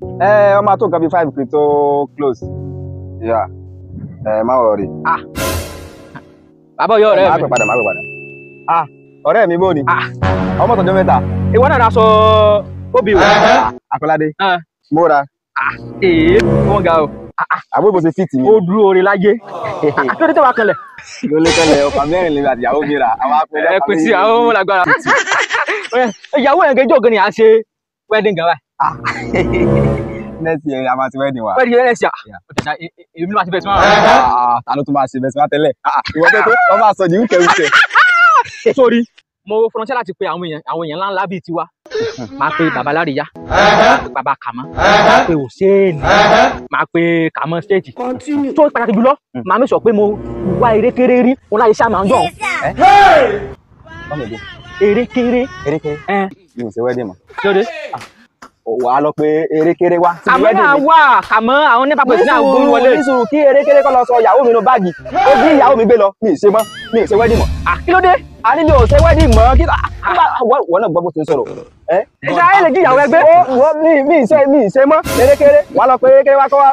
Eh, I'm máa tó nǹkan bíi five kì í tó close yeah ẹ má wọrí. Ah. bàbá ọyọ ah, ọ̀rẹ́ mi. má pè padà má pè padà. ọ̀rẹ́ mi bóni ah. ọmọ tọjọ mẹ́ta. ìwọ náà aṣọ obì wò. Ah. múra. èé wọn ga o. àbúrò bó ṣe fìtì yìí. ó dúró orin láyé akérè tó wa kanlẹ̀. lólè kanlẹ̀ ọkà mẹ́rin lè àti ìyàwó mi rà àwọn apẹ̀lẹ́. ẹ pèsè àwọn ọmọ lágbára. ìyàwó ẹ̀ Eh, gẹ́jọ́ gan ni à ń ṣe wedding gan Ah. next year a máa wedding wa. wedding yẹn next year o tẹ̀sán e, e, èmi máa ti bẹ̀rẹ̀ sí ta ló tún máa ṣe bẹ̀rẹ̀ sí tẹ́lẹ̀ ah, ah, ìwọ bẹ́ẹ̀ tó wọ́n máa sọ ní wíkẹ́ wíkẹ́. sórí mo fọrọṣẹ́ láti pe àwọn èèyàn àwọn èèyàn ńláńlá bíi tiwa máa pe bàbá Láríyá bàbá Kàmọ́ máa pe Hussein máa pe Kàmọ́ stéètì tó pàtàkì jùlọ máa mi sọ pé mo wá eré rí mo láyé sáà máa ń dọ̀ eh? eh. mi ò ṣe wedding mọ́ wàá lọ pé erékeré wá. àmọ́ náà wà àmọ́ àwọn nípa pèsè náà gún wọlé. nísùrù kí erékeré kọ́ lọ sọ ìyàwó mi nu báàgì ó bí ìyàwó mi gbé lọ mi ì ṣe mọ́ mi ì ṣe wẹ́dì mọ́. àkílódé àníbi ò ṣe wẹ́dì mọ́ kí wọ́n náà gbọ́ bó ti ń sọ̀rọ̀. ìṣe ayé lè jí ìyàwó ẹgbẹ́. mi ì ṣe mi ì mọ́ erékeré wàá lọ pé erékeré wá kọ́ wá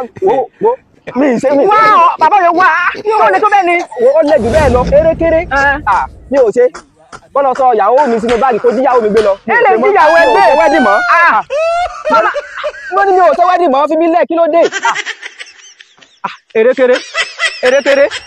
mi ṣe mi. wá bàbá rẹ wá yóò lè tó bẹ́ẹ̀ ni. ó lè jù sọ ìyàwó mi sínú báàgì kó díyàwó mi gbé lọ. ẹ lè díyàwó ẹgbẹ́ ìwẹ́dì mama mo ní mi ò ṣe màá fi mí lẹ̀ kí ló dé. Ah, ah, erékeré erékeré.